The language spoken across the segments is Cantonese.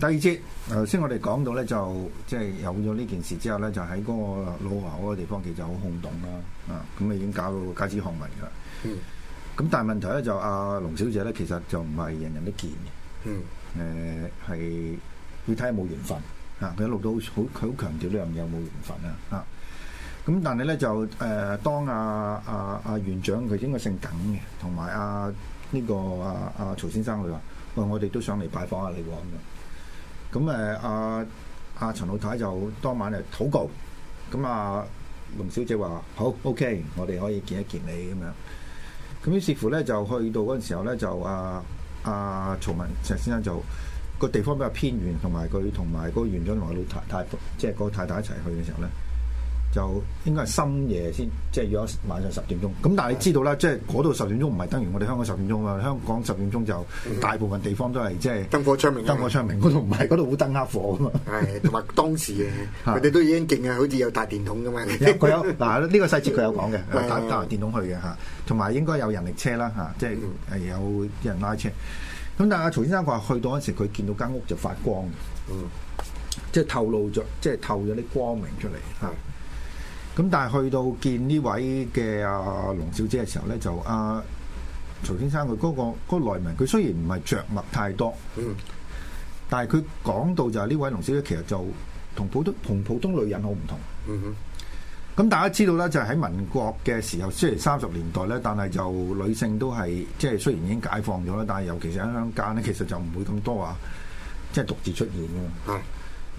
第二節，頭先我哋講到咧，就即係、就是、有咗呢件事之後咧，就喺嗰個老河口嗰個地方其實好轟動啦。啊，咁啊已經搞到街知巷聞噶啦。嗯。咁但係問題咧就阿、是啊、龍小姐咧，其實就唔係人人都見嘅。嗯。誒係要睇下有冇緣分啊？佢一路都好，佢好強調呢樣嘢，有冇緣分啊、呃、啊？啊。咁但係咧就誒，當阿阿阿園長佢應該姓耿嘅，同埋阿呢個阿、啊、阿、啊、曹先生佢話：喂、哎，我哋都想嚟拜訪下你喎咁樣。啊。咁誒阿阿陳老太就當晚誒禱告，咁、嗯、啊龍小姐話好 OK，我哋可以見一見你咁樣。咁於是乎咧就去到嗰陣時候咧就啊阿、啊、曹文錫先生就個地方比較偏遠，同埋佢同埋個原咗來老太太即係、就是、個太太一齊去嘅時候咧。就應該係深夜先，即係約晚上十點鐘。咁但係你知道啦，是的 即係嗰度十點鐘唔係等於我哋香港十點鐘啊！香港十點鐘就大部分地方都係、嗯、即係是燈火窗明，燈火明，燈火窗明嗰度唔係，嗰度好燈黑火啊嘛。係同埋當時嘅，佢哋是的 都已經勁啊，好似有大電筒咁樣。佢有嗱呢、這個細節佢有講嘅，帶帶是的、啊、電筒去嘅吓，同埋應該有人力車啦吓，即係有啲人拉車。咁、嗯、但係曹先生佢話去到嗰時，佢見到間屋就發光嘅，即係、嗯、透露咗，即、就、係、是、透咗啲光明出嚟吓。咁但係去到見呢位嘅阿、啊、龍小姐嘅時候咧，就阿、啊、曹先生佢嗰、那個嗰、那個、內文，佢雖然唔係着墨太多，嗯，但係佢講到就係呢位龍小姐其實就同普通同普通女人好唔同，嗯哼。咁、嗯、大家知道咧，就喺民國嘅時候，雖然三十年代咧，但係就女性都係即係雖然已經解放咗啦，但係尤其是鄉間咧，其實就唔會咁多話即係獨自出現嘅嘛。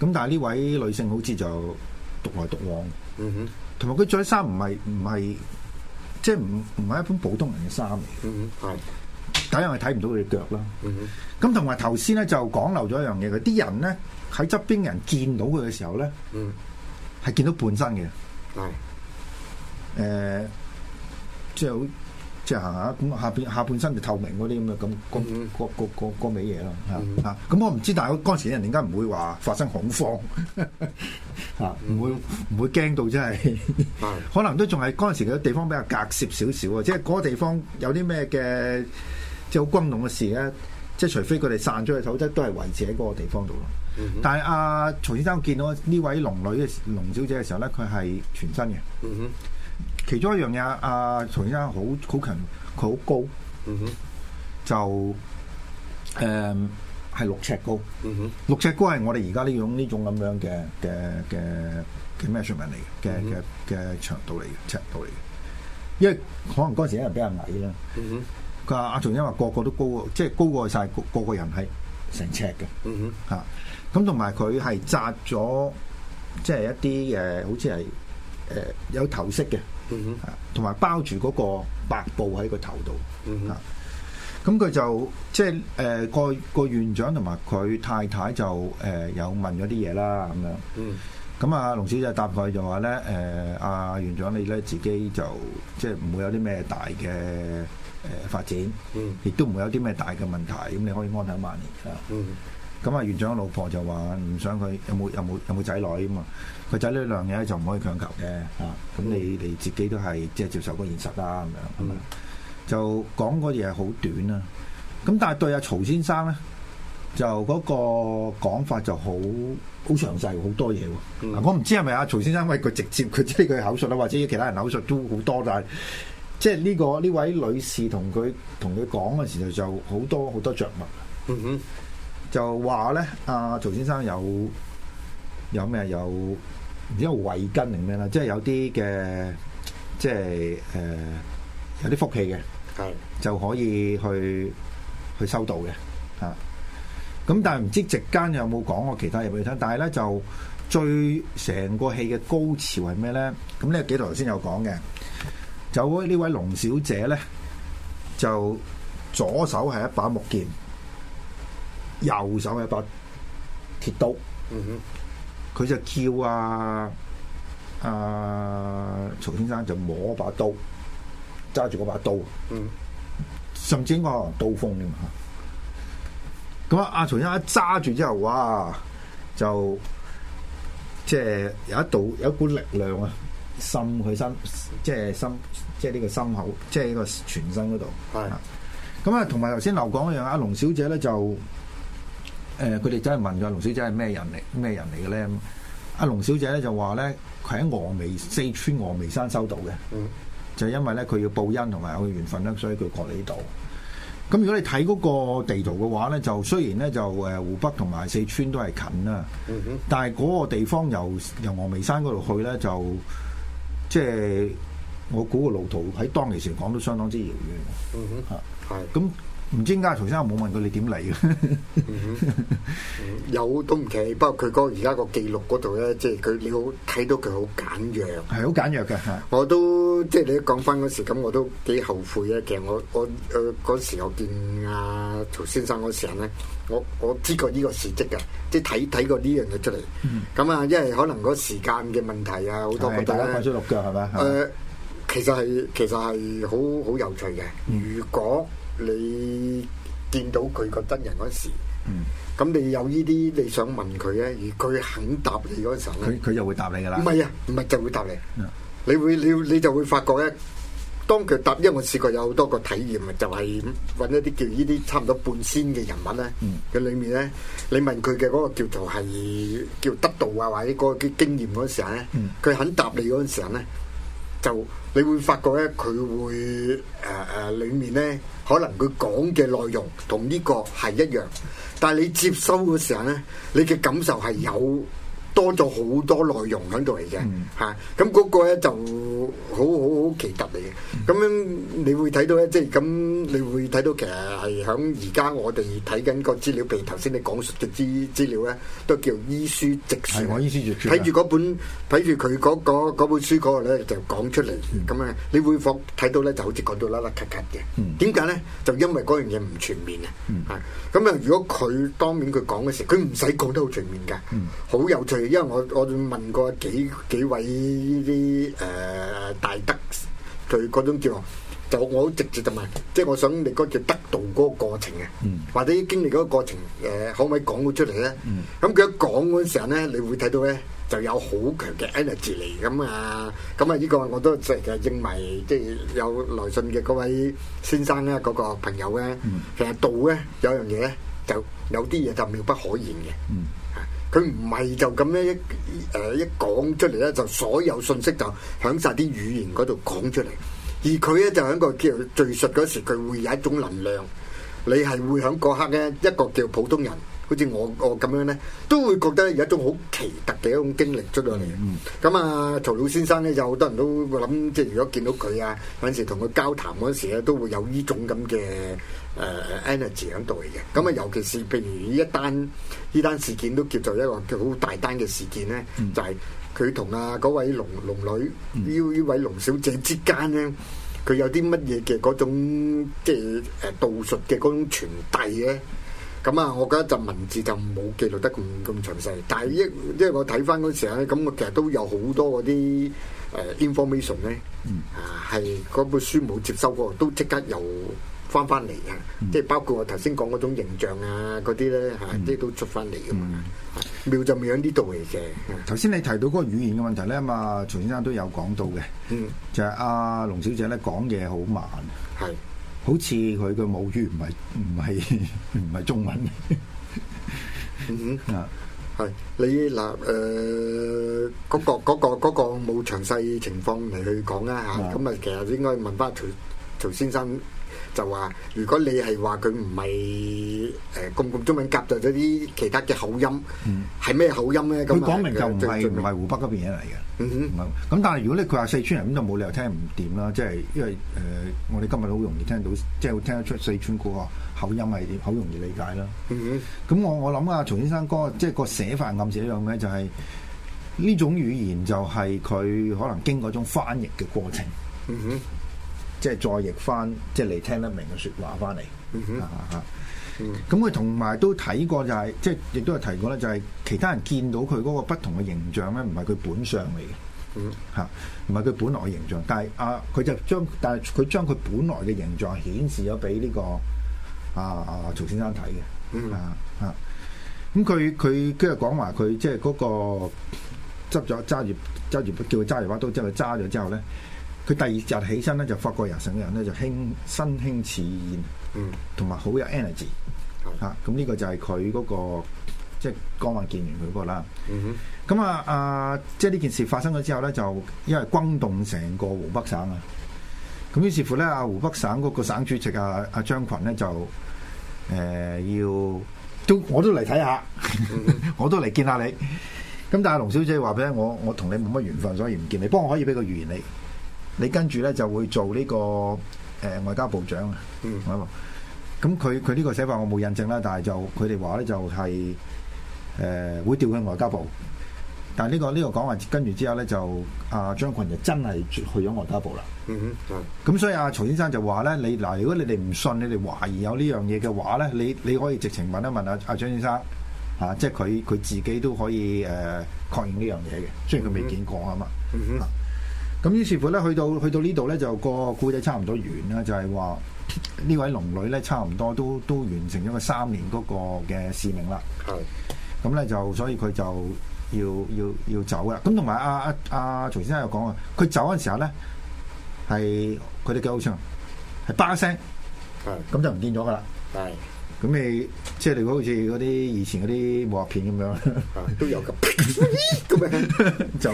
咁、嗯、但係呢位女性好似就獨來獨往。嗯哼，同埋佢着衫唔係唔係，即係唔唔係一般普通人嘅衫嚟。嗯哼、嗯，係，第、嗯嗯、一樣係睇唔到佢嘅腳啦。咁同埋頭先咧就講漏咗一樣嘢，佢啲人咧喺側邊人見到佢嘅時候咧，嗯，係見到半身嘅。係、嗯，誒、呃，就是。即係嚇，咁、啊、下邊下半身就透明嗰啲咁嘅咁咁個個個個尾嘢咯，嚇咁我唔知，但係嗰陣時人點解唔會話發生恐慌，嚇、啊，唔會唔會驚到真係。可能都仲係嗰陣時嘅地方比較隔涉少少啊，即係嗰個地方有啲咩嘅即係好轟動嘅事咧，即、就、係、是、除非佢哋散出去，否則都係維持喺嗰個地方度咯。但係阿、啊、曹先生見到呢位龍女嘅龍小姐嘅時候咧，佢係全身嘅。嗯其中一樣嘢，阿、啊、曹先生好好近，佢好高，mm hmm. 就誒係、嗯、六尺高，mm hmm. 六尺高係我哋而家呢種呢種咁樣嘅嘅嘅嘅 measurement 嚟嘅嘅嘅長度嚟嘅尺度嚟嘅，因為可能嗰陣時啲人比較矮啦，個阿、mm hmm. 啊、曹先生話個個都高，即、就、係、是、高過晒個，個個人係成尺嘅，嚇咁同埋佢係紮咗，即、hmm. 係、啊就是、一啲嘅，好似係誒有頭飾嘅。同埋包住嗰個白布喺、嗯哼啊呃嗰個頭度，咁佢就即係誒個個院長同埋佢太太就誒、呃、有問咗啲嘢啦，咁、啊、樣，咁、嗯、啊龍小姐答佢就話咧誒，阿、呃啊、院長你咧自己就即係唔會有啲咩大嘅誒發展，亦、嗯、都唔會有啲咩大嘅問題，咁你可以安享晚年咁啊，啊、嗯、啊院長老婆就話唔想佢有冇有冇有冇仔女啊嘛。佢仔呢樣嘢就唔可以強求嘅，嗯、啊，咁你你自己都係即係接受個現實啦，咁樣咁啊。嗯、就講個嘢係好短啦，咁但係對阿曹先生咧，就嗰個講法就好好詳細，好多嘢喎。嗯、我唔知係咪阿曹先生，因為佢直接佢即係佢口述啦，或者其他人口述都好多，但係即係呢、呢個呢位女士同佢同佢講嘅時候就好多好多着物、嗯。嗯哼，就話咧，阿、啊、曹先生有有咩有？有有有因為唔知係圍巾定咩咧？即係有啲嘅，即係誒，有啲福氣嘅，係就可以去去收到嘅吓。咁但係唔知席間有冇講過其他嘢俾你聽？但係咧就最成個戲嘅高潮係咩咧？咁咧紀陶先有講嘅，就呢位龍小姐咧，就左手係一把木劍，右手係一把鐵刀。嗯哼。佢就叫啊，阿、啊、曹先生就摸把刀，揸住嗰把刀，嗯、甚至個刀鋒添嚇。咁啊，阿曹先生一揸住之後、啊，哇，就即係有一道有一股力量啊，滲佢心，即係心，即係呢個心口，即係呢個全身嗰度。係是。咁啊，同埋頭先劉講一樣，阿龍小姐咧就。誒佢哋真係問咗阿龍小姐係咩人嚟咩人嚟嘅咧？阿龍小姐咧就話咧，佢喺峨眉四川峨眉山收到嘅，嗯、就因為咧佢要報恩同埋有緣分咧，所以佢過嚟呢度。咁如果你睇嗰個地圖嘅話咧，就雖然咧就誒湖北同埋四川都係近啦，嗯、哼但係嗰個地方由由峨眉山嗰度去咧，就即係、就係、我估個路途喺當其時講都相當之遙遠。嗯哼，咁、嗯。是唔知點解曹先生我冇問過你點嚟嘅。有都唔奇，不過佢嗰而家個記錄嗰度咧，即係佢你好睇到佢好簡約，係好簡約嘅。我都即係你講翻嗰時咁，我都幾後悔嘅。其實我我誒嗰、呃、時我見阿、啊、曹先生嗰時咧，我我知過呢個事蹟嘅，即係睇睇過呢、嗯、樣嘢出嚟。咁啊，因為可能嗰時間嘅問題啊，好是多嗰啲咧。誒吧、呃，其實係其實係好好有趣嘅。如果、嗯你見到佢個真人嗰時，嗯，咁你有呢啲你想問佢咧，而佢肯答你嗰陣時咧，佢佢又會答你噶啦。唔係啊，唔係就會答你。你會你你就會發覺咧，當佢答，因為我試過有好多個體驗啊，就係搵一啲叫呢啲差唔多半仙嘅人物咧，嗯，佢裏面咧，你問佢嘅嗰個叫做係叫得道啊，或者嗰個經驗嗰陣時咧，嗯，佢肯答你嗰陣時咧。就你會發覺咧，佢會誒誒、呃、裏面咧，可能佢講嘅內容同呢個係一樣。但係你接收嘅時候咧，你嘅感受係有。多咗好多內容喺度嚟嘅，嚇咁嗰個咧就好好好奇特嚟嘅。咁樣、嗯、你會睇到咧，即係咁你會睇到其實係響而家我哋睇緊個資料，譬如頭先你講述嘅資資料咧，都叫醫書直說。睇住嗰本，睇住佢嗰本書嗰度咧，就講出嚟。咁啊、嗯，你會睇到咧，就好似講到甩甩咳咳嘅。點解咧？就因為嗰樣嘢唔全面、嗯、啊。嚇咁啊！如果佢當面佢講嘅時候，佢唔使講得好全面㗎，好有趣。嗯嗯因為我我問過幾幾位呢啲誒大德，佢嗰種叫就我好直接就問，即係我想你嗰個叫得道嗰個過程嘅，或者經歷嗰個過程誒，可唔可以講到出嚟咧？咁佢一講嗰陣時咧，你會睇到咧就有好強嘅 energy 嚟咁啊！咁啊，呢個我都真係認為，即係有來信嘅嗰位先生咧，嗰個朋友咧，其實道咧有樣嘢咧，就有啲嘢就妙不可言嘅。佢唔係就咁樣一誒、呃、一講出嚟咧，就所有信息就喺晒啲語言嗰度講出嚟。而佢咧就喺個叫敘述嗰時，佢會有一種能量，你係會喺嗰刻咧一個叫普通人。好似我我咁樣咧，都會覺得有一種好奇特嘅一種經歷出到嚟嘅。咁、嗯、啊，曹老先生咧，有好多人都會諗，即係如果見到佢啊，有時同佢交談嗰時咧、啊，都會有呢種咁嘅誒 energy 喺度嚟嘅。咁啊，尤其是譬如依一單呢、嗯、單事件都叫做一個好大單嘅事件咧，嗯、就係佢同啊嗰位龍龍女，呢、嗯、位龍小姐之間咧，佢有啲乜嘢嘅嗰種即係誒道術嘅嗰種傳遞咧？咁啊，我覺得就文字就冇記錄得咁咁詳細，但係一即係我睇翻嗰時咧，咁我其實都有好多嗰啲誒 information 咧，啊係嗰本書冇接收過，都即刻又翻翻嚟啊！即係、嗯、包括我頭先講嗰種形象啊嗰啲咧，即啲、嗯、都出翻嚟嘅嘛。妙、嗯、就未喺呢度嚟嘅。頭先、嗯嗯、你提到嗰個語言嘅問題咧，嘛，徐先生都有講到嘅，嗯、就係阿、啊、龍小姐咧講嘢好慢，係。好似佢嘅母語唔係唔係唔係中文。 嗯嗯啊，係 你嗱，誒嗰個嗰個嗰個冇詳細情況嚟去講啦嚇，咁啊的其實應該問翻曹曹先生。就話，如果你係話佢唔係誒咁咁中文夾雜咗啲其他嘅口音，係咩、嗯、口音咧？咁佢講明就唔係唔係湖北嗰邊嘢嚟嘅。咁、嗯、哼但係如果你佢話四川人咁就冇理由聽唔掂啦。即係因為誒、呃，我哋今日都好容易聽到，即係聽得出四川個口音係好容易理解啦。咁、嗯、哼我我諗啊，曹先生哥，即係個寫法暗示一樣咧，就係呢種語言就係佢可能經過種翻譯嘅過程。嗯嗯即係再譯翻，即係你聽得明嘅説話翻嚟。咁佢同埋都睇過，就係即係亦都係提過咧，就係其他人見到佢嗰個不同嘅形象咧，唔係佢本相嚟嘅。嗯。唔係佢本來嘅形象，但係阿佢就將，但係佢將佢本來嘅形象顯示咗俾呢個阿阿曹先生睇嘅。嗯。咁佢佢即係講話佢即係嗰個執咗揸住揸住叫佢揸住把刀之後，佢揸咗之後咧。佢第二日起身咧，就發覺人成個人咧就輕、身輕似燕，有有 energy，啊、嗯，同埋好有 energy，嚇，咁呢個就係佢嗰個即係江岸見完佢嗰、那個啦，嗯、哼，咁啊、嗯、啊，即係呢件事發生咗之後咧，就因為轟動成個湖北省啊，咁於是乎咧，啊湖北省嗰個省主席啊啊張群咧就誒、呃、要都我都嚟睇下，我都嚟、嗯、哼 見下你，咁但係龍小姐話俾我，我同你冇乜緣分，所以唔見你，不過我可以俾個預言你。你跟住咧就會做呢、這個誒、呃、外交部長啊！咁佢佢呢個寫法我冇印證啦，但係就佢哋話咧就係、是、誒、呃、會調去外交部。但係呢、這個呢、這個講話跟住之後咧就阿、啊、張群就真係去咗外交部啦。嗯哼，咁所以阿、啊、曹先生就話咧：你嗱，如果你哋唔信，你哋懷疑有呢樣嘢嘅話咧，你你可以直情問一問阿阿、啊、張先生嚇、啊，即係佢佢自己都可以誒、呃、確認呢樣嘢嘅，雖然佢未見過啊嘛。哼、嗯。嗯。咁於是乎咧，去到去到呢度咧，就個故仔差唔多完啦。就係、是、話呢位龍女咧，差唔多都都完成咗個三年嗰個嘅使命啦。係是。咁咧就所以佢就要要要走啦。咁同埋阿阿阿曹先生又講啊，佢走嗰陣時候咧，係佢哋幾好唱，係叭聲，咁是就唔見咗噶啦。係。咁你，即係你好似嗰啲以前嗰啲武俠片咁樣，啊，都有嘅，咁 樣 就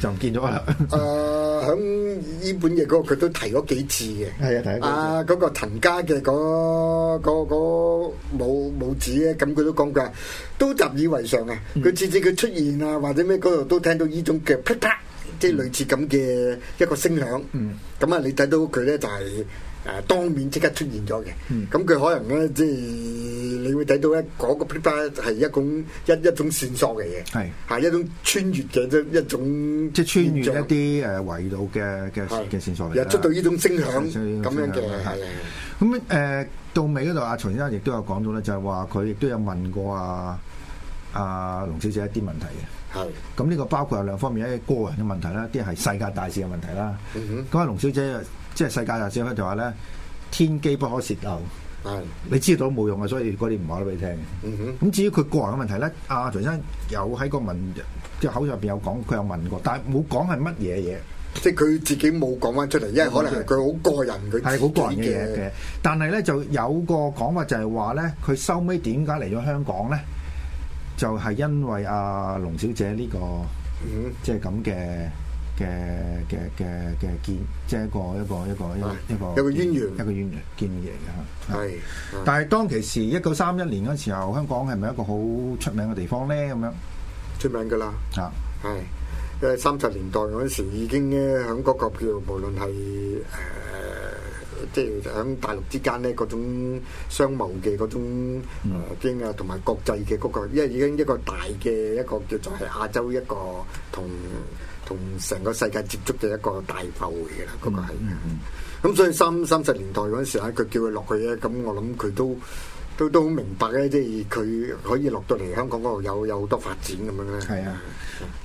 就唔見咗啦。誒、呃，響呢本嘅嗰個佢都提咗幾次嘅。係啊，提、那、啊、個那個。啊、那個，嗰、那個滕家嘅嗰嗰母子咧，咁佢都講過都習以為常啊。佢次次佢出現啊，或者咩嗰度都聽到呢種嘅噼啪、啪，即係類似咁嘅一個聲響。嗯，嗯。咁、就、啊、是，你睇到佢咧就係。誒，當面即刻出現咗嘅，咁佢可能咧，即係你會睇到一嗰個片段係一種一一種線索嚟嘅，係係是一種穿越嘅一一種，即係穿越咗一啲誒圍繞嘅嘅嘅線索嚟嘅，是又出到呢種聲響咁樣嘅，係咁誒到尾嗰度，阿曹先生亦都有講到咧，就係話佢亦都有問過啊阿、啊、龍小姐一啲問題嘅，係咁呢個包括有兩方面咧，一啲個人嘅問題啦，啲係世界大事嘅問題啦，咁阿龍小姐。即係世界大事咧，就話咧，天機不可泄露。係，你知道都冇用啊，所以嗰啲唔話得俾你聽嘅。嗯哼。咁至於佢個人嘅問題咧，阿徐生有喺個問，即係口上邊有講，佢有問過，但係冇講係乜嘢嘢。即係佢自己冇講翻出嚟，因為可能係佢好個人，佢係好個人嘅嘢嘅。但係咧就有個講法就係話咧，佢收尾點解嚟咗香港咧？就係因為阿龍小姐呢個，即係咁嘅。嘅嘅嘅嘅建，即係一個一個一個一個一個淵源，一個淵是建源個建立嘅吓。係，但係當其時一九三一年嗰時候，香港係咪一個好出名嘅地方咧？咁樣出名噶啦，係是，因為三十年代嗰時已經咧響嗰個叫無論係誒。呃即係喺大陸之間咧，嗰種商貿嘅嗰種經啊，同、呃、埋國際嘅嗰、那個，因為已經一個大嘅一個叫做係亞洲一個同同成個世界接觸嘅一個大埠嚟嘅啦。嗰、那個係，咁、嗯嗯嗯、所以三三十年代嗰陣時佢叫佢落去咧，咁我諗佢都都都好明白嘅，即係佢可以落到嚟香港嗰度有有好多發展咁樣咧。係啊。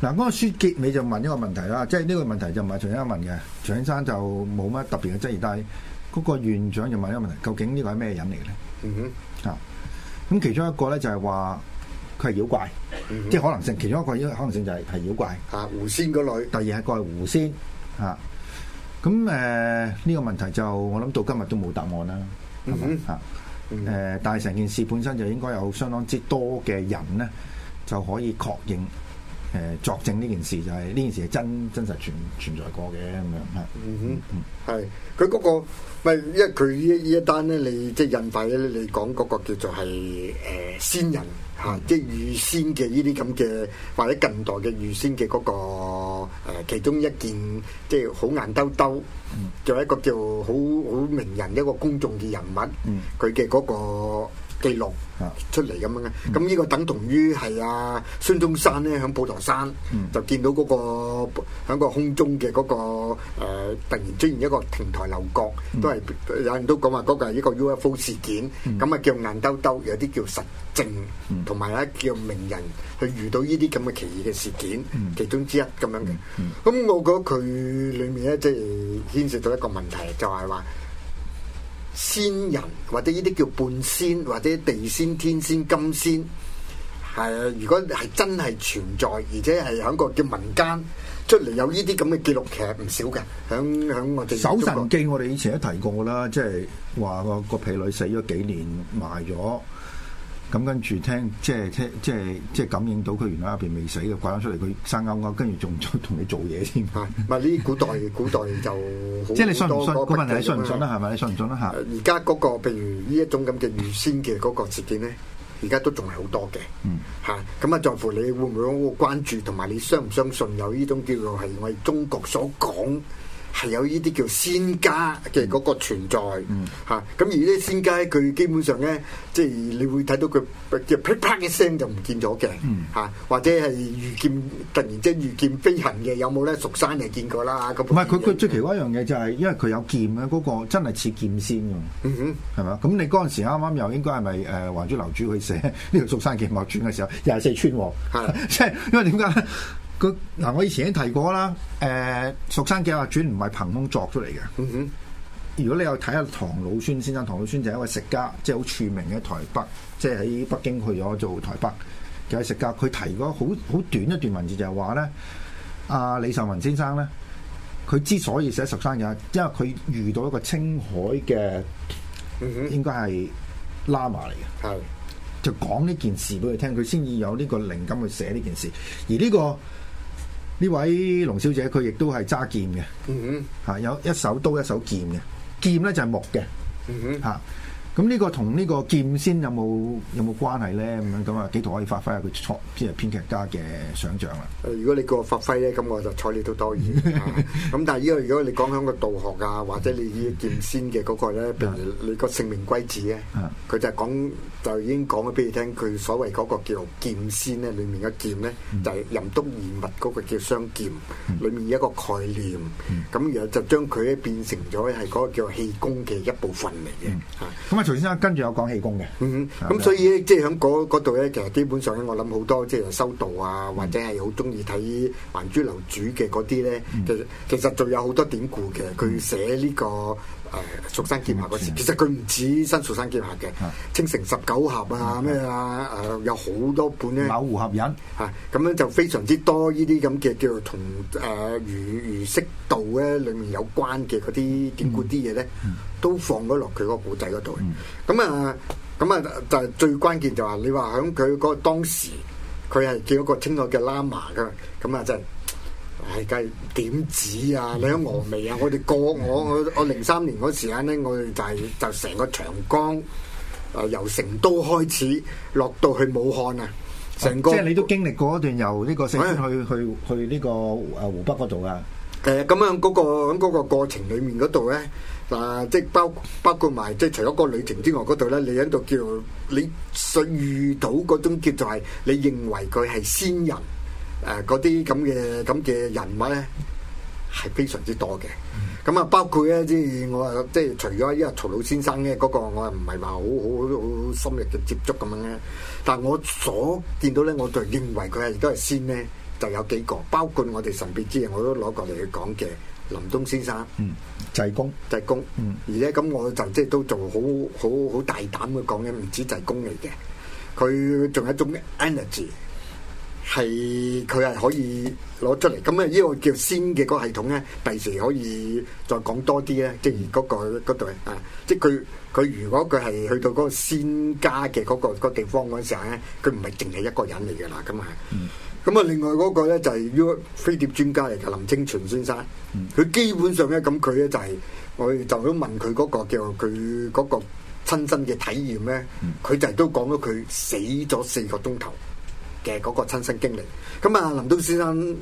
嗱，嗰個薛潔美就問一個問題啦，即係呢個問題就唔係徐生問嘅，徐先生就冇乜特別嘅質疑，但係。嗰個院長就問一個問題：究竟呢個係咩人嚟嘅咧？嗯哼、mm，嚇、hmm. 咁、啊、其中一個咧就係話佢係妖怪，mm hmm. 即係可能性。其中一個因為可能性就係係妖怪嚇狐、啊、仙嗰類。第二係個係狐仙嚇。咁誒呢個問題就我諗到今日都冇答案啦。嗯哼、mm hmm. 啊、但係成件事本身就應該有相當之多嘅人咧就可以確認。誒作證呢件事，就係呢件事係真真實存存在過嘅咁樣嚇。嗯哼，係佢嗰個，因為佢呢一單呢，你即係印發咧，你講嗰個叫做係誒先人嚇，即係、嗯就係、預先嘅呢啲咁嘅，或者近代嘅預先嘅嗰、嗰個、呃、其中一件，即係好眼兜兜，作為一個叫好好名人一個公眾嘅人物，佢嘅嗰個。記錄出嚟咁樣嘅，咁呢個等同於係啊孫中山咧喺普陀山就見到嗰個喺個空中嘅嗰個誒突然出現一個亭台樓閣，都係有人都講話嗰個係一個 UFO 事件，咁啊叫硬兜兜，有啲叫實證，同埋咧叫名人去遇到呢啲咁嘅奇異嘅事件，其中之一咁樣嘅。咁我覺得佢裡面咧即係牽涉到一個問題，就係話。仙人或者呢啲叫半仙或者地仙天仙金仙，係、呃、如果係真係存在，而且係喺個叫民間出嚟有呢啲咁嘅記錄，其實唔少嘅。響響我哋《搜神記》，我哋以前都提過啦，即係話個個婢女死咗幾年，埋咗。咁跟住聽，即係聽，即係即係感應到佢原來入邊未死嘅，拐咗出嚟，佢生勾勾，跟住仲同你做嘢添。唔係呢啲古代古代就好。即係你信唔信？個問題、嗯、你信唔信啦、啊，係咪？你信唔信啦、啊？嚇、嗯！而家嗰個譬如呢一種咁嘅預先嘅嗰個事件咧，而家都仲係好多嘅。嗯，嚇！咁啊，在乎你會唔會好關注，同埋你相唔相信有呢種叫做係我哋中國所講。係有呢啲叫仙家嘅嗰個存在，吓咁、嗯啊、而呢仙家佢基本上咧，即係你會睇到佢即係噼啪一聲就唔見咗嘅，吓、啊、或者係御劍突然即係御劍飛行嘅，有冇咧？蜀山又見過啦，咁唔係佢佢最奇怪一樣嘢就係，因為佢有劍咧，嗰、那個真係似劍仙咁。哼，係嘛？咁你嗰陣時啱啱又應該係咪誒？還珠樓主去寫呢、 這個蜀山劍俠傳嘅時候，廿四川喎，係即係因為點解？佢嗱、啊，我以前都提過啦。誒、呃，蜀山嘅劍俠傳唔係憑空作出嚟嘅。嗯、哼如果你有睇下唐老孫先生，唐老孫就係一位食家，即係好著名嘅台北，即係喺北京去咗做台北嘅食家。佢提過好好短一段文字就，就係話咧，阿李秀文先生咧，佢之所以寫蜀山嘢，因為佢遇到一個青海嘅，嗯哼，應該係喇嘛嚟嘅，係的就講呢件事俾佢聽，佢先至有呢個靈感去寫呢件事，而呢、這個。呢位龍小姐佢亦都係揸劍嘅，嚇、mm hmm. 有一手刀一手劍嘅劍咧就係木嘅，嚇、mm hmm. 啊。咁呢、嗯這個同呢個劍仙有冇有冇關係咧？咁樣咁啊幾度可以發揮下佢創即係編劇家嘅想像啊！如果你叫我發揮咧，咁我就睬你都多餘。咁、 啊、但係呢個如果你講響個道學啊，或者你呢個劍仙嘅嗰個咧，譬如、嗯、你個性命圭旨咧，佢就係講就已經講咗俾你聽，佢所謂嗰個叫做劍仙咧，裡面嘅劍咧、嗯、就係任督而物嗰個叫雙劍，裡面一個概念，咁然後就將佢咧變成咗係嗰個叫做氣功嘅一部分嚟嘅嚇。咁啊～徐先生跟住有講氣功嘅，咁所以咧，即係喺嗰度咧，其實基本上咧，我諗好多即係修道啊，或者係好中意睇《還珠樓主》嘅嗰啲咧，嗯、其實其實仲有好多典故嘅，佢寫呢、呢個。嗯誒蜀山劍俠嗰時，其實佢唔止新蜀山劍俠嘅，啊、青城十九俠啊咩、嗯、啊誒，有好多本咧。柳湖俠隱，嚇、啊，咁樣就非常之多呢啲咁嘅叫做同誒儒儒釋道咧、啊，裡面有關嘅嗰啲典故啲嘢咧，嗯嗯、都放咗落佢個古仔嗰度。咁啊、嗯，咁啊就係最關鍵就係，你話喺佢嗰當時，佢係叫一個青海嘅喇嘛噶，咁啊真。係計點止啊！你喺峨眉啊，我哋過我我我零三年嗰時間咧，我哋就係就成個長江啊、呃，由成都開始落到去武漢啊，成個即係你都經歷過一段由呢個四川去、嗯、去去呢個誒湖北嗰度啊？誒，咁樣嗰個喺、嗰個過程裏面嗰度咧嗱，即係包包括埋即係除咗個旅程之外嗰度咧，你喺度叫你所遇到嗰種叫做係你認為佢係仙人。誒嗰啲咁嘅咁嘅人物咧，係非常之多嘅。咁啊、嗯，包括咧，即、就、係、是、我啊，即、就、係、是、除咗呢個曹老先生咧，嗰、那個我啊唔係話好好好深入嘅接觸咁樣咧。但係我所見到咧，我就認為佢係而家係仙咧，就有幾個，包括我哋神秘之夜，我都攞過嚟去講嘅林東先生。嗯，濟公，濟公。嗯、而且咁，我就即係、就是、都做好好好大膽去講，一唔止濟公嚟嘅，佢仲有一種 energy。係佢係可以攞出嚟，咁啊呢個叫仙嘅個系統咧，第時可以再講多啲咧。正如嗰個嗰對啊，即係佢佢如果佢係去到嗰個仙家嘅嗰個個地方嗰陣時咧，佢唔係淨係一個人嚟噶啦，咁啊。咁啊，另外嗰個咧就係飛碟專家嚟嘅林清泉先生，佢基本上咧，咁佢咧就係我就咁問佢嗰個，叫佢嗰個親身嘅體驗咧，佢就係都講咗佢死咗四個鐘頭。嘅嗰個親身經歷，咁啊林東先生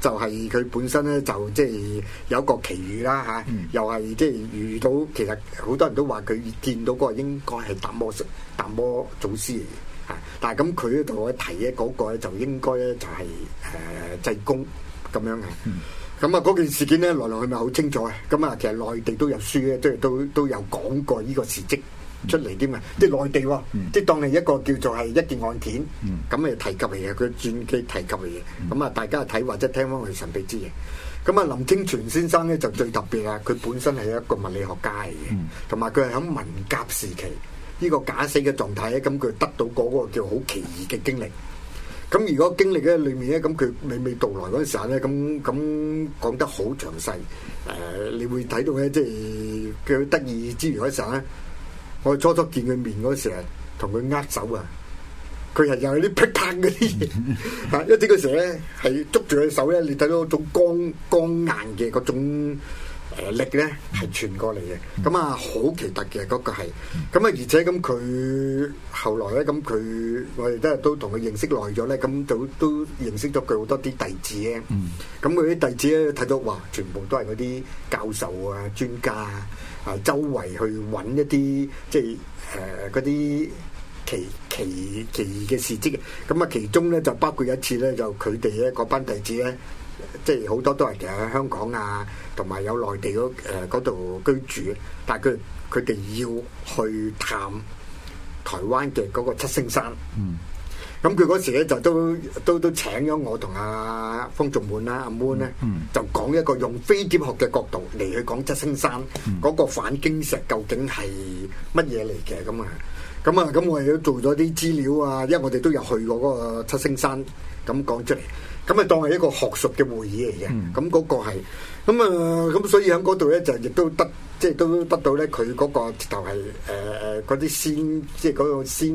就係佢本身咧，就即、是、係有一個奇遇啦嚇，啊嗯、又係即係遇到，其實好多人都話佢見到嗰個應該係達摩達摩祖師嚟嘅嚇，但係咁佢同我提嘅嗰個咧，就應該咧就係誒濟公咁樣嘅。咁、嗯、啊嗰件事件咧來來去去好清楚嘅，咁啊其實內地都有書咧，即係都有都有講過呢個事蹟。出嚟啲嘛？即係內地喎，即當係一個叫做係一件案件，咁啊提及嘅嘢，佢傳記提及嘅嘢，咁啊大家睇或者聽翻佢神秘之夜。咁啊林清泉先生咧就最特別啊，佢本身係一個物理學家嚟嘅，同埋佢係喺文革時期呢個假死嘅狀態咧，咁佢得到嗰個叫好奇異嘅經歷。咁如果經歷咧裡面咧，咁佢娓娓道來嗰陣時咧，咁咁講得好詳細。誒，你會睇到咧，即佢得意之餘嗰陣咧。我初初見佢面嗰時啊，同佢握手啊，佢係有啲劈棒嗰啲嘢一啲嗰時咧，係捉住佢手咧，你睇到種光光硬嘅嗰種、呃、力咧，係傳過嚟嘅。咁啊，好奇特嘅嗰、嗰個係。咁啊，而且咁佢後來咧，咁佢我哋都都同佢認識耐咗咧，咁都都認識咗佢好多啲弟子。咁佢啲弟子咧，睇到哇，全部都係嗰啲教授啊、專家啊。啊！周圍去揾一啲即係誒嗰啲奇奇奇異嘅事蹟嘅，咁啊其中咧就包括一次咧，就佢哋咧嗰班弟子咧，即係好多都係其實喺香港啊，同埋有，有內地嗰度、呃、居住，但係佢佢哋要去探台灣嘅嗰個七星山。嗯。咁佢嗰時咧，就都都都請咗我同阿方仲滿啦，阿 moon 咧，mm hmm. 就講一個用飛碟學嘅角度嚟去講七星山嗰、mm hmm. 個反經石究竟係乜嘢嚟嘅咁啊？咁啊咁我哋都做咗啲資料啊，因為我哋都有去過嗰個七星山，咁講出嚟，咁啊當係一個學術嘅會議嚟嘅，咁嗰、mm hmm. 個係。咁啊，咁、嗯嗯、所以響嗰度咧，就亦都得，即係都得到咧、那個，佢嗰個頭係誒誒嗰啲仙，即係個仙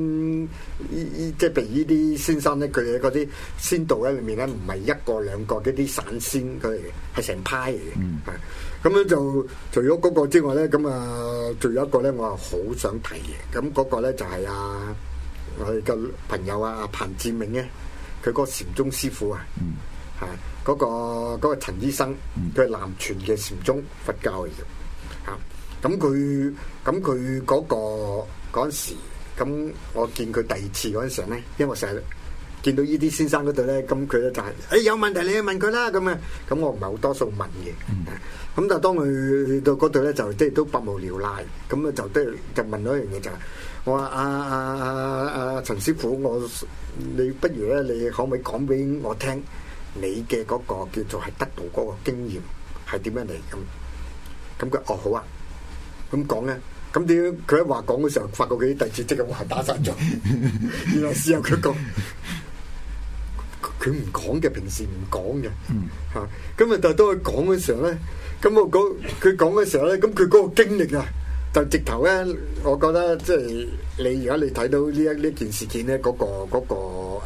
依依，即係譬如呢啲先生咧，佢哋嗰啲仙道咧裏面咧，唔係一個兩個嗰啲散仙佢嘅，係成派嚟嘅。咁樣、嗯啊、就除咗嗰個之外咧，咁啊，仲有一個咧，我係好想提嘅。咁嗰個咧就係啊，我哋嘅朋友啊，彭志銘咧、啊，佢個禪宗師傅啊。嗯啊！嗰個嗰個陳醫生，佢係南傳嘅禪宗佛教嚟嘅。嚇，咁佢咁佢嗰個嗰陣時，咁我見佢第二次嗰陣時咧，因為我成日見到呢啲先生嗰度咧，咁佢咧就係誒有問題你去問佢啦。咁啊，咁我唔係好多數問嘅。咁但係當佢去到嗰度咧，就即係都百無聊賴。咁啊，就都就問咗一樣嘢就係，我話阿阿阿阿陳師傅，我你不如咧，你可唔可以講俾我聽？你嘅嗰個叫做係得到嗰個經驗係點樣嚟咁？咁佢哦好啊，咁講咧，咁點佢一話講嘅時候，發覺佢啲弟子即係話打散咗，原來事後佢講，佢唔講嘅，平時唔講嘅，吓咁啊，但係當佢講嘅時候咧，咁我講佢講嘅時候咧，咁佢嗰個經歷啊，就直頭咧，我覺得即係你而家你睇到呢一呢件事件咧，嗰個嗰個誒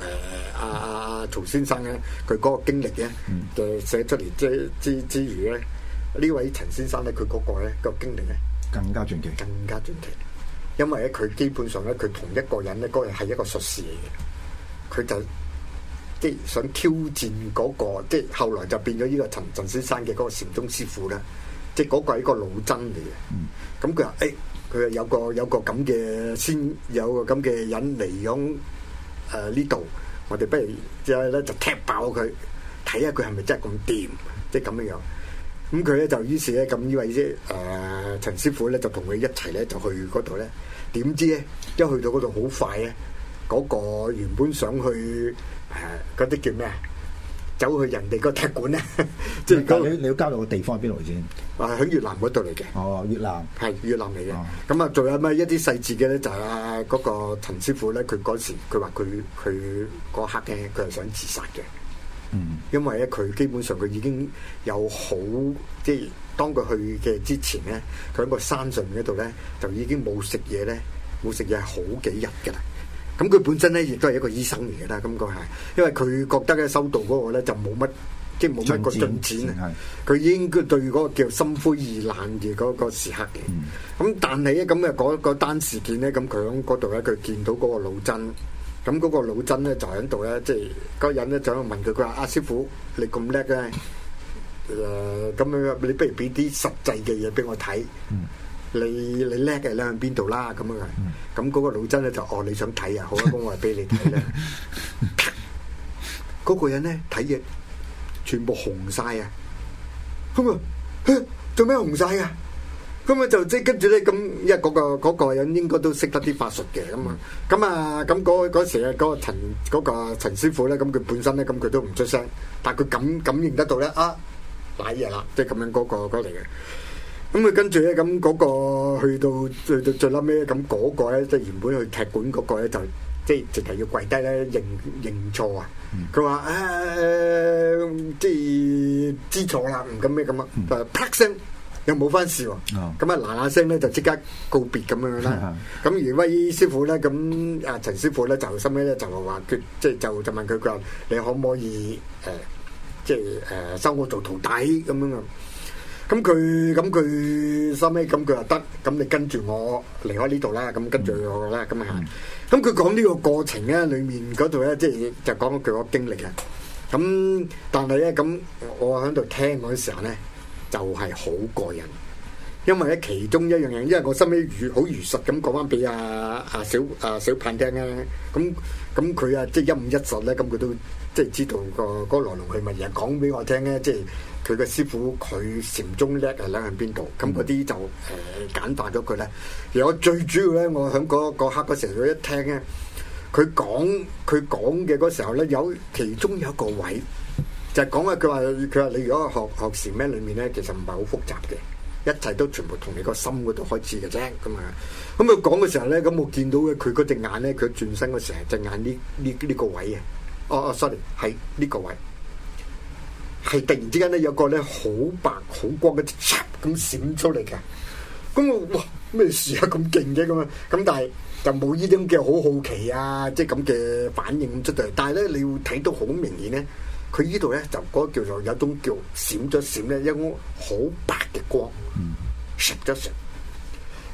啊啊。曹先生咧，佢嗰個經歷咧，嗯、就寫出嚟之之之餘咧，呢位陳先生咧，佢嗰個咧、那個經歷咧，更加傳奇，更加傳奇。因為咧，佢基本上咧，佢同一個人咧，嗰、那個係一個術士嚟嘅，佢就即係、就是、想挑戰嗰、那個，即、就、係、是、後來就變咗呢個陳陳先生嘅嗰個禪宗師傅啦。即係嗰個係一個老僧嚟嘅。咁佢話：哎、嗯，佢、欸、有個有個咁嘅先，有個咁嘅人嚟咗誒呢度。呃我哋不如就咧就踢爆佢，睇下佢係咪真係咁掂，即係咁樣樣。咁佢咧就於是咧咁，以為即係誒陳師傅咧就同佢一齊咧就去嗰度咧。點知咧一去到嗰度好快咧，嗰、嗰個原本想去誒嗰啲叫咩？走去人哋嗰踢館咧，即係交你要交流嘅地方喺邊度先？啊，喺越南嗰度嚟嘅。哦，越南係越南嚟嘅。咁啊、哦，仲有咩一啲細節嘅咧？就係阿嗰個陳師傅咧，佢嗰時佢話佢佢嗰刻咧，佢係想自殺嘅。嗯。因為咧，佢基本上佢已經有好，即係當佢去嘅之前咧，佢喺個山上嗰度咧就已經冇食嘢咧，冇食嘢好幾日嘅啦。咁佢本身咧，亦都係一個醫生嚟嘅啦，咁佢係，因為佢覺得咧，收到嗰個咧就冇乜，即係冇乜個進展。佢應該對嗰個叫心灰意冷嘅嗰個時刻嘅。咁、嗯、但係咧，咁嘅嗰嗰單事件咧，咁佢喺嗰度咧，佢見到嗰個老真，咁嗰個老真咧就喺度咧，即係嗰人咧就喺度問佢，佢話：阿、啊、師傅，你咁叻咧，誒咁樣，你不如俾啲實際嘅嘢俾我睇。嗯。你你叻嘅，你去邊度啦？咁樣啊？咁嗰個老真咧就哦，你想睇啊？好啊，咁我俾你睇啦。嗰個人咧睇嘢，全部紅晒啊！咁啊，做咩紅晒啊？咁啊就即跟住咧咁，因為嗰個嗰個人應該都識得啲法術嘅咁啊。咁啊，咁嗰嗰時啊，嗰個陳嗰個陳師傅咧，咁佢本身咧，咁佢都唔出聲，但佢感感應得到咧啊，瀨嘢啦，即係咁樣嗰個嗰嚟嘅。咁啊，嗯嗯、跟住咧，咁嗰個去到，去到最最嬲尾咁嗰個咧，即係原本去踢館嗰個咧，就即係即係要跪低咧認認錯啊！佢話、嗯：，唉、啊，即係知錯啦，唔咁咩咁啊！啪，啪聲又冇翻事喎！咁啊，嗱嗱聲咧就即刻告別咁樣啦。咁、嗯嗯、而威師傅咧，咁、嗯、啊陳師傅咧，就心咧就話話佢，即係就就問佢：佢話你可唔可以誒、呃，即係誒、呃、收我做徒弟咁樣啊？咁佢咁佢收尾，咁佢就得，咁你跟住我離開呢度啦，咁跟住我啦，咁啊，咁佢講呢個過程咧，裏面嗰度咧，即係就講佢個經歷啊。咁但係咧，咁我喺度聽嗰陣時候咧，就係好過癮。因為咧，其中一樣嘢，因為我心尾如好如實咁講翻俾阿阿小阿小盼聽咧，咁咁佢啊，即一五一十咧，咁佢都即知道個嗰來龍去脈，而係講俾我聽咧，即佢嘅師傅佢禪宗叻係叻喺邊度，咁嗰啲就誒、呃、簡化咗佢喇，而我最主要咧，我響嗰嗰刻嗰時候佢一聽咧，佢講佢講嘅嗰時候咧，有其中有一個位就係、是、講啊，佢話佢話你如果學學禪咩裏面咧，其實唔係好複雜嘅。一切都全部同你個心嗰度開始嘅啫，咁啊，咁佢講嘅時候咧，咁我見到嘅佢嗰隻眼咧，佢轉身嘅時候隻眼呢呢呢個位啊，哦哦，sorry，喺呢個位，係突然之間咧有個咧好白好光嘅，一咁閃出嚟嘅，咁我哇，咩事啊咁勁嘅咁啊，咁但係就冇呢啲咁嘅好好奇啊，即係咁嘅反應出嚟，但係咧你要睇到好明顯咧。佢呢度咧就嗰個叫做有種叫閃咗閃咧，一屋好白嘅光，閃咗閃。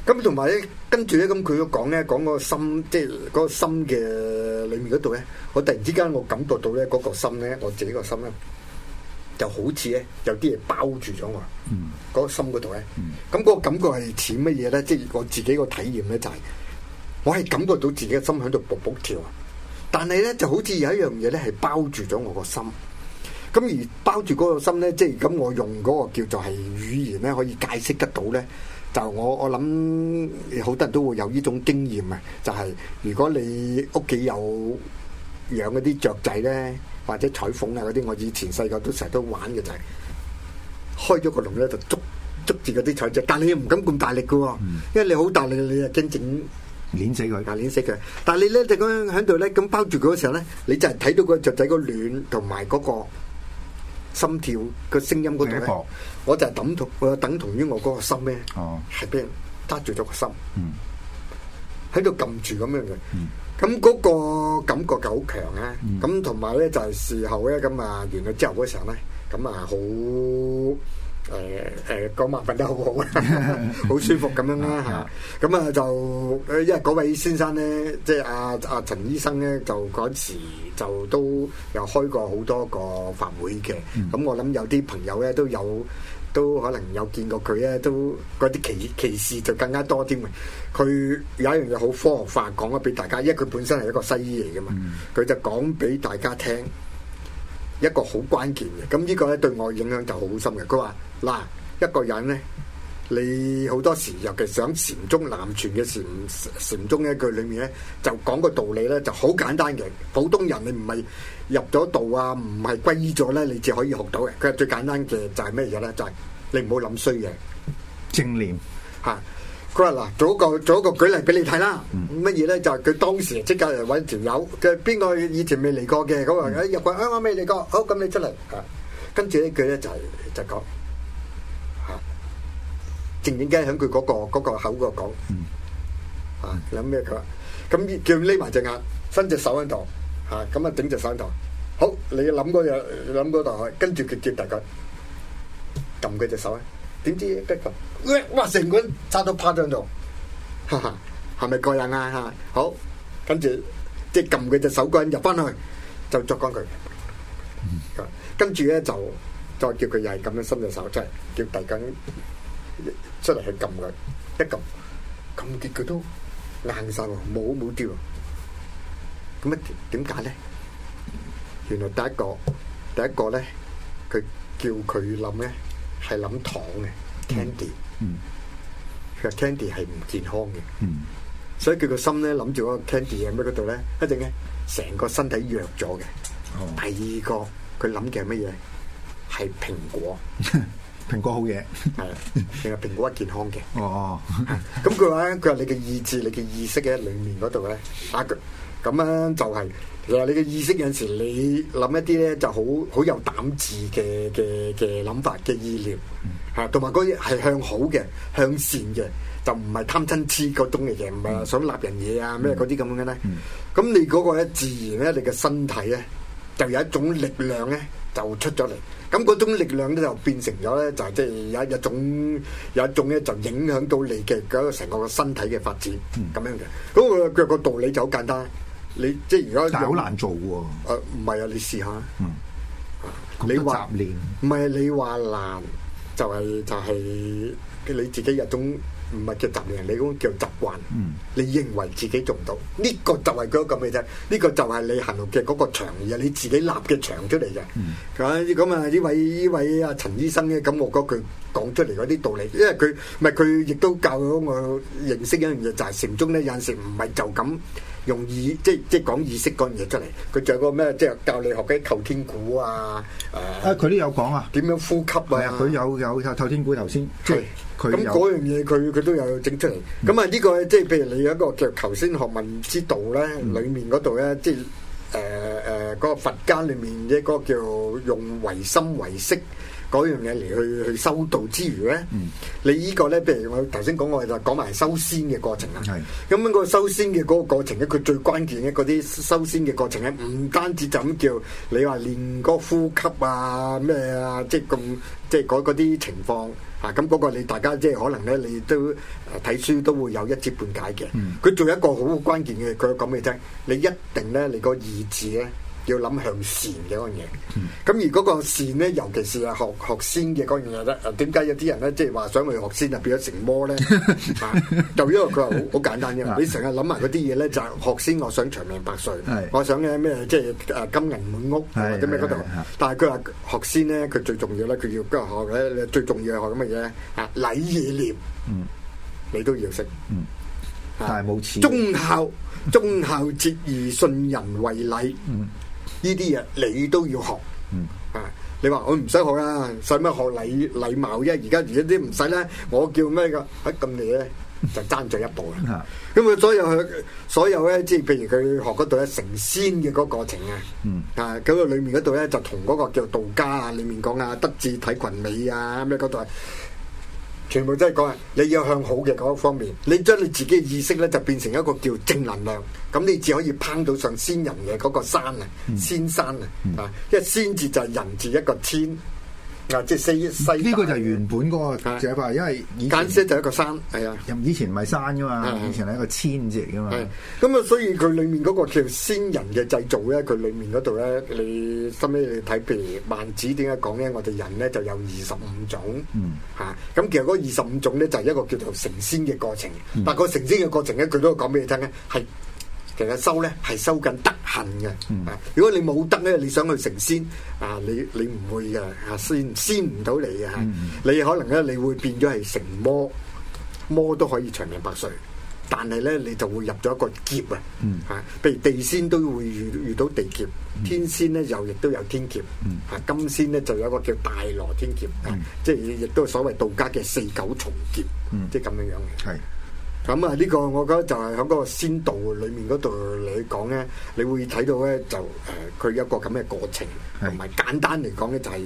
咁同埋咧，跟住咧，咁佢要講咧，講個心，即係嗰個心嘅裏面嗰度咧，我突然之間我感覺到咧，嗰個心咧，我自己個心咧，就好似咧有啲嘢包住咗我。嗰個心嗰度咧，咁嗰個感覺係似乜嘢咧？即係我自己個體驗咧，就係我係感覺到自己嘅心喺度卜卜跳啊，但係咧就好似有一樣嘢咧係包住咗我個心。咁而包住嗰個心咧，即係咁我用嗰個叫做係語言咧，可以解釋得到咧。就我我諗好多人都會有呢種經驗啊，就係、是、如果你屋企有養嗰啲雀仔咧，或者彩鳳啊嗰啲，我以前細個都成日都玩嘅就仔、係，開咗個籠咧就捉捉住嗰啲彩雀，但係你唔敢咁大力㗎喎，因為你好大力你又真正攣死佢，卡攣死佢。但係你咧就咁樣喺度咧，咁包住佢嗰時候咧，你就係睇到個雀仔個卵同埋嗰個。心跳個聲音嗰度咧，oh. 我就係等同，我等同於我嗰個心咧，係、oh. 俾人揸住咗個心，喺度撳住咁樣嘅，咁嗰、mm. 個感覺就好強啊！咁同埋咧就係事後咧，咁啊，完咗之後嗰時候咧，咁啊好。誒誒、呃、講瞓得好好啊，好 舒服咁樣啦嚇。咁啊 就因為嗰位先生咧，即係阿阿陳醫生咧，就嗰時就都有開過好多個法會嘅。咁、嗯、我諗有啲朋友咧都有都可能有見過佢咧，都嗰啲歧歧視就更加多添。佢有一樣嘢好科學化講咗俾大家，因為佢本身係一個西醫嚟嘅嘛，佢、嗯、就講俾大家聽一個好關鍵嘅。咁呢個咧對我影響就好深嘅。佢話。嗱，一個人咧，你好多時尤其想禪宗南傳嘅禪禪宗一句裏面咧就講個道理咧，就好簡單嘅。普通人你唔係入咗道啊，唔係皈依咗咧，你只可以學到嘅。佢係最簡單嘅就係咩嘢咧？就係你唔好諗衰嘢，正念嚇。佢話嗱，做一個做一個舉例俾你睇啦。乜嘢咧？就係佢當時即刻嚟揾條友佢邊個以前未嚟過嘅，咁話入羣啊，我未嚟過。好，咁你出嚟嚇啊。跟住呢句咧就就講。就靜靜雞響佢嗰個嗰個口嗰度講，吓諗咩噶？咁叫匿埋隻眼，伸隻手喺度，吓，咁啊整隻手喺度。好，你諗嗰樣諗嗰度去，跟住佢叫大家撳佢隻手咧，點知一撳，哇成個身都趴喺度，哈哈，係咪過眼啊？吓，好，跟住即係撳佢隻手嗰陣入翻去，就捉干佢。嗯，跟住咧就再叫佢又係咁樣伸隻手出嚟，叫大家。出嚟係撳嘅，一撳撳結佢都硬曬喎，冇冇掉。咁啊點點解咧？原來第一個第一個咧，佢叫佢諗咧係諗糖嘅 candy，佢話 candy 係唔健康嘅，所以佢個心咧諗住個 candy 喺咩嗰度咧，一陣咧成個身體弱咗嘅。第二個佢諗嘅係乜嘢？係蘋果。蘋果好嘢，係啊，成日蘋果係健康嘅。哦， 咁佢話咧，佢話你嘅意志、你嘅意識喺裏面嗰度咧，啊，咁啊，啊，就係、是，嗱，你嘅意識有陣時你諗一啲咧就好好有膽子嘅嘅嘅諗法嘅意念，嚇、嗯，同埋嗰啲係向好嘅、向善嘅，就唔係貪嗔痴嗰種嘅嘢，唔係、嗯、想立人嘢啊咩嗰啲咁樣嘅咧。咁、嗯嗯、你嗰個咧，自然咧，你嘅身體咧，就有一種力量咧。就出咗嚟，咁嗰種力量咧就變成咗咧，就即係有一一種有一種咧就影響到你嘅個成個個身體嘅發展，咁、嗯、樣嘅。咁、那、佢個道理就好簡單，你即係而家又好難做嘅、啊。誒、呃，唔係啊，你試下。嗯。咁說雜念唔係、啊、你話難，就係、是、就係、是、你自己有一種。唔係叫習性，你講叫習慣。你認為自己做唔到呢、這個就係佢一個美質，呢、這個就係你行路嘅嗰個長，而你自己立嘅長出嚟嘅。咁、嗯、啊，呢位呢位阿陳醫生咧，咁我覺佢講出嚟嗰啲道理，因為佢唔佢亦都教咗我認識一樣嘢，就係、是、城中咧有時唔係就咁用意，即即講意識嗰樣嘢出嚟。佢仲有個咩？即係教你學嘅透天股啊！呃、啊，佢都有講啊，點樣呼吸啊？佢、啊、有有透天股頭先，即係、嗯。咁嗰樣嘢佢佢都有整出嚟，咁啊呢個即係譬如你有一個叫頭先學問之道咧，嗯、裏面嗰度咧，即係誒誒嗰個佛家裏面一個叫用唯心唯識。嗰樣嘢嚟去去修道之餘咧，嗯、你個呢個咧，譬如我頭先講過，我就講埋修仙嘅過程啦。係咁樣個修仙嘅嗰個過程咧，佢最關鍵嘅嗰啲修仙嘅過程咧，唔單止就咁叫你話練個呼吸啊咩啊，即係咁即係嗰啲情況嚇。咁、啊、嗰、嗰個你大家即係可能咧，你都睇書都會有一知半解嘅。佢做、嗯、一個好關鍵嘅，佢講俾你聽，你一定咧，你個意志咧，要諗向善嘅嗰樣嘢，咁而嗰個善咧，尤其是啊學學仙嘅嗰樣嘢咧，啊點解有啲人咧即係話想去學仙啊，變咗成魔咧？就因為佢話好好簡單啫，你成日諗埋嗰啲嘢咧，就學仙，我想長命百歲，我想咩，即係啊金銀滿屋或者咩度。但係佢話學仙咧，佢最重要咧，佢要即係學咧，最重要係學咁嘅嘢啊禮義廉，你都要識，但係冇錢。忠孝忠孝節義信人為禮。呢啲嘢你都要學，嗯、啊！你話我唔使學啦，使乜學禮禮貌啫？而家而家啲唔使啦，我叫咩噶，喺咁你咧就爭咗一步啦。咁佢 所有佢所有咧，即係譬如佢學嗰度咧，成仙嘅嗰過程、嗯、啊，啊，咁啊，裏面嗰度咧就同嗰個叫道家啊，裡面講啊，德智體群美啊，咩嗰度。全部都係講啊！你要向好嘅嗰一方面，你將你自己嘅意識咧就變成一個叫正能量，咁你只可以攀到上仙人嘅嗰個山啊，仙、嗯、山啊，啊、嗯！因為仙字就係人字一個天。嗱，即係四，四呢個就係原本嗰個寫法，的因為而家寫就係一個山，係啊，以前唔係山噶嘛，的以前係一個千字嚟噶嘛。咁啊，所以佢裏面嗰個叫仙人嘅製造咧，佢裏面嗰度咧，你，收尾你睇譬如萬子點解講咧，我哋人咧就有二十五種，嚇、嗯。咁其實嗰二十五種咧，就係、是、一個叫做成仙嘅過程。嗯、但個成仙嘅過程咧，佢都講俾你聽咧，係。其實修咧係修緊德行嘅、啊，如果你冇德咧，你想去成仙啊，你你唔會嘅、啊啊，仙仙唔到你嘅，你可能咧你會變咗係成魔，魔都可以長命百歲，但係咧你就會入咗一個劫啊，吓，譬如地仙都會遇遇到地劫，天仙咧又亦都有天劫，吓、啊、金仙咧就有一個叫大羅天劫，啊嗯、即係亦都係所謂道家嘅四九重劫，嗯、即係咁樣、嗯嗯、樣嘅。咁啊，呢個我覺得就係喺個仙道裏面嗰度嚟講咧，你會睇到咧就誒佢、呃、有個咁嘅過程，同埋是簡單嚟講咧就係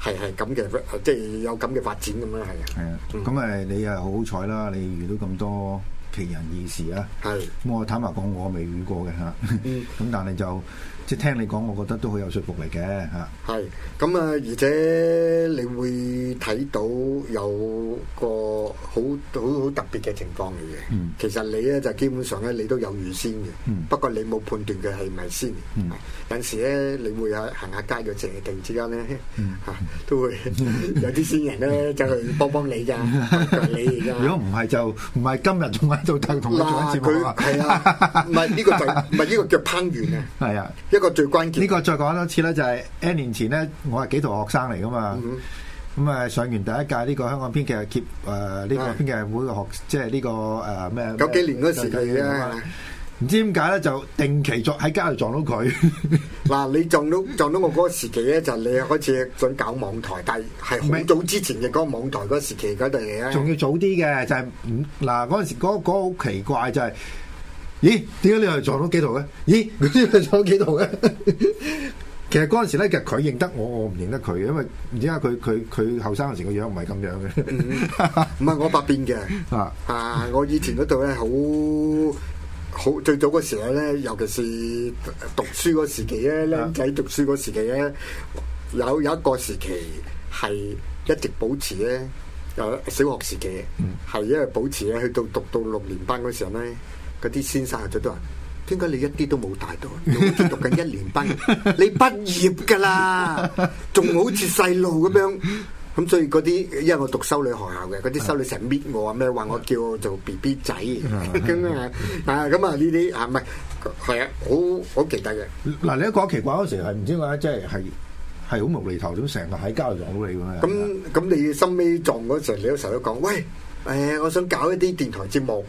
係係咁嘅，即係有咁嘅發展咁樣係。係啊，咁誒、啊嗯、你係好彩啦，你遇到咁多奇人異事啊！係是，我坦白講我未遇過嘅嚇，咁、嗯、 但係就。即係聽你講，我覺得都好有說服力嘅嚇。係咁啊，而且你會睇到有個好好好特別嘅情況嚟嘅。其實你咧就基本上咧，你都有預先嘅。 不過你冇判斷佢係唔係先。 有時咧，你會啊行下街嘅時，突然之間咧嚇都會有啲先人咧、啊、就去幫幫你㗎，你而家。如果唔係就唔係今日仲喺度同我做啊？係啊，唔係呢個就唔係呢個叫烹完啊。係 啊 arena。岸 呢個最關鍵。呢個再講多次咧，就係 N 年前咧，我係幾套學生嚟噶嘛。咁啊，上完第一屆呢個香港編劇協誒，呢個編劇會嘅學，即係呢個誒咩？九幾年嗰時期嘅，唔知點解咧，就定期撞喺街度撞到佢。嗱，你撞到撞到我嗰個時期咧，就你開始想搞網台，但係係好早之前嘅嗰個網台嗰個時期嗰度嚟嘅。仲要早啲嘅、就係，就係嗱嗰陣時嗰嗰好奇怪就係、係。咦？點解你又撞到幾度嘅？咦？佢啲係撞到幾度嘅？ 其實嗰陣時咧，其實佢認得我，我唔認得佢，因為唔知佢佢佢後生嗰時個樣唔係咁樣嘅、嗯，唔係 我百變嘅啊，啊！我以前嗰度咧，好好最早嗰時咧，尤其是讀書嗰時期咧，僆仔、嗯、讀書嗰時期咧，有有一個時期係一直保持咧，由小學時期係因為保持咧，去到讀到六年班嗰時候咧。嗰啲先生啊，佢都話：點解你一啲都冇大到？你好似讀緊一年班，你畢業噶啦，仲好似細路咁樣。咁所以嗰啲，因為我讀修女學校嘅，嗰啲修女成日搣我啊，咩話我叫我做 BB 仔咁啊？啊咁啊！呢啲啊唔係，係啊，好好奇特嘅。嗱，你講奇怪嗰時係唔知點解，真係係係好無厘頭，都成日喺街度撞到你咁啊！咁咁，你心尾撞嗰時，你啲神都講喂。誒、呃，我想搞一啲電台節目，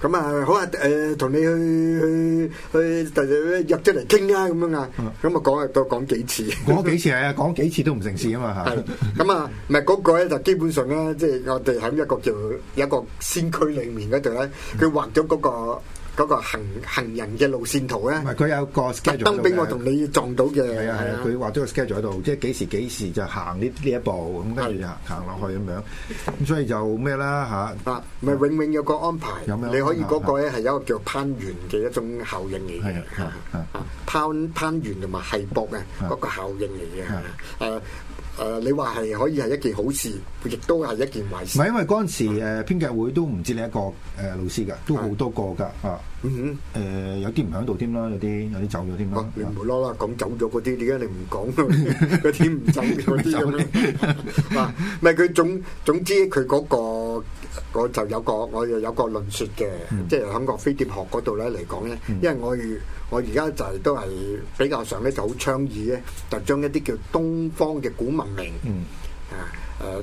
咁啊，好啊，誒，同你去去去，第日約出嚟傾啊，咁樣啊，咁、呃、啊，講啊，都講的幾次，講幾次係啊，講幾次都唔成事啊嘛，吓。係，咁啊，唔係嗰個咧，就基本上咧，即、就、係、是、我哋喺一個叫一個先驅裏面嗰度咧，佢畫咗嗰個。嗰個行行人嘅路線圖咧，唔係佢有個 schedule 當兵我同你撞到嘅，係啊係啊，佢畫咗個 schedule 喺度，即係幾時幾時就行呢呢一步，咁跟住就行落去咁樣，咁是的 所以就咩啦嚇？啊，唔、啊啊、永永有個安排，有咩可安排你可以嗰個咧，係有個叫攀援嘅一種效應嚟嘅，攀攀援同埋係搏嘅嗰個效應嚟嘅誒。誒、呃，你話係可以係一件好事，亦都係一件壞事。唔係因為嗰陣時誒、編劇、嗯、會都唔知你一個誒、呃，老師噶，都好多個噶。啊，嗯哼，誒、呃，有啲唔喺度添啦，有啲有啲走咗添啦。啊、講 你無啦啦講走咗嗰啲，點解你唔講嗰啲唔走咗嗰啲咁咧？唔係佢總總之佢嗰、嗰個。我就有個我又有個論説嘅，嗯、即係喺個飛碟學嗰度咧嚟講咧，嗯、因為我我而家就係都係比較上咧就好倡議咧，就將一啲叫東方嘅古文明，嗯、啊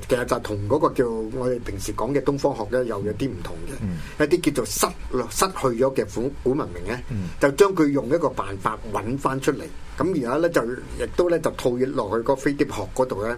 誒，其實就同嗰個叫我哋平時講嘅東方學咧又有啲唔同嘅，嗯、一啲叫做失失去咗嘅古古文明咧，嗯、就將佢用一個辦法揾翻出嚟，咁然後咧就亦都咧就套入落去個飛碟學嗰度咧，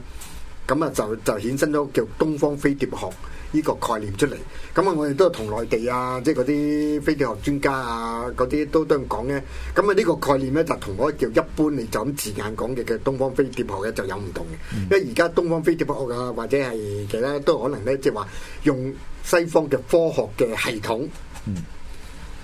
咁啊就就衍生咗叫東方飛碟學。呢個概念出嚟，咁啊我哋都係同內地啊，即係嗰啲飛碟學專家啊，嗰啲都都咁講咧。咁啊呢個概念咧就同我叫一般嚟就咁字眼講嘅嘅東方飛碟學咧就有唔同嘅，嗯、因為而家東方飛碟學啊或者係其他都可能咧即係話用西方嘅科學嘅系統。嗯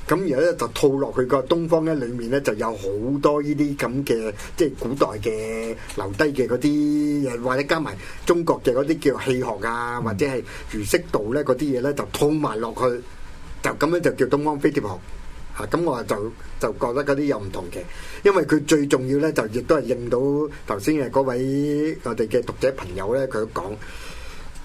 咁而咧就套落去個東方咧裏面咧就有好多呢啲咁嘅即係古代嘅留低嘅嗰啲，或者加埋中國嘅嗰啲叫氣學啊，嗯、或者係儒釋道咧嗰啲嘢咧就套埋落去，就咁樣就叫東方飛碟學嚇。咁、啊、我就就覺得嗰啲又唔同嘅，因為佢最重要咧就亦都係認到頭先嘅嗰位我哋嘅讀者朋友咧佢講。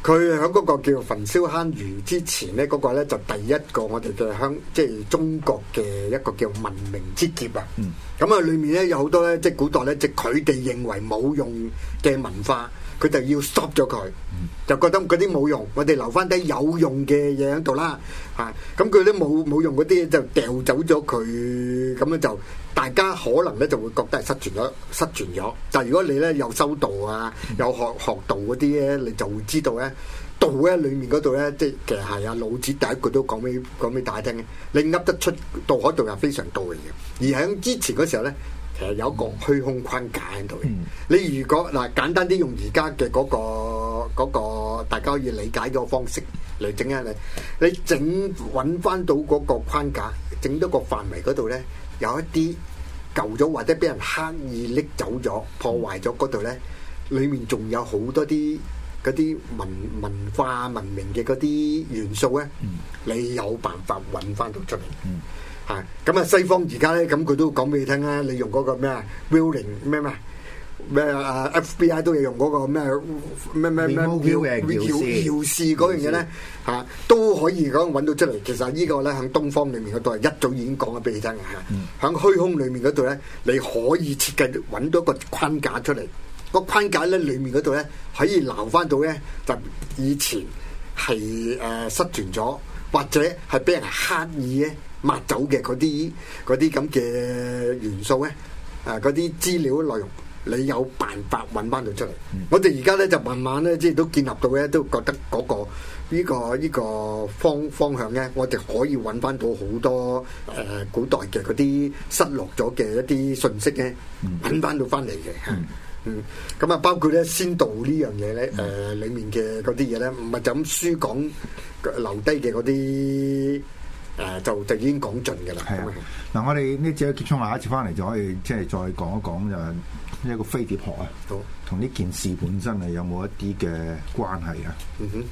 佢響嗰個叫焚燒坑儒之前咧，嗰、嗰個咧就第一個我哋嘅香，即係中國嘅一個叫文明之劫啊。嗯，咁啊，裏面咧有好多咧，即係古代咧，即係佢哋認為冇用嘅文化。佢就要削咗佢，就覺得嗰啲冇用，我哋留翻啲有用嘅嘢喺度啦。嚇，咁佢啲冇冇用嗰啲就掉走咗佢，咁咧就大家可能咧就會覺得係失傳咗，失傳咗。但係如果你咧有修道啊，有學學道嗰啲咧，你就會知道咧，道咧裡面嗰度咧，即係其實係啊，老子第一句都講俾講俾大家聽，你噏得出道可道係非常道嘅嘢，而喺之前嗰時候咧。誒有一個虛空框架喺度嘅。你如果嗱簡單啲用而家嘅嗰個嗰個大家可以理解嘅方式嚟整下你，你整揾翻到嗰個框架，整到個範圍嗰度咧，有一啲舊咗或者俾人刻意拎走咗，破壞咗嗰度咧，裡面仲有好多啲嗰啲文文化文明嘅嗰啲元素咧，你有辦法揾翻到出嚟。咁啊，西方而家咧，咁佢都講俾你聽啦。你用嗰個咩啊，Willing 咩咩咩啊，FBI 都有用嗰個咩咩咩咩藐藐藐視嗰樣嘢咧。嚇都可以講揾到出嚟。其實呢個咧，喺東方裏面嗰度係一早已經講咗俾你聽嘅。喺虛空裏面嗰度咧，你可以設計到揾到個框架出嚟。個框架咧，裏面嗰度咧，可以留翻到咧，就是、以前係誒、呃、失傳咗，或者係俾人刻意咧。抹走嘅嗰啲嗰啲咁嘅元素咧，啊嗰啲資料內容，你有辦法揾翻到出嚟？嗯、我哋而家咧就慢慢咧，即係都建立到咧，都覺得嗰、嗰個呢、呢個呢、呢個方方向咧，我哋可以揾翻到好多誒、呃、古代嘅嗰啲失落咗嘅一啲信息咧，揾翻到翻嚟嘅。嗯，咁啊、嗯嗯，包括咧先導呢、呃、呢樣嘢咧，誒裡面嘅嗰啲嘢咧，唔係就咁書講留低嘅嗰啲。誒就就已經講盡㗎啦。係啊，嗱、嗯，我哋呢次啊，結束，下一次翻嚟就可以，即係再講一講就係呢一個飛碟學啊，同呢件事本身係有冇一啲嘅關係啊？嗯哼。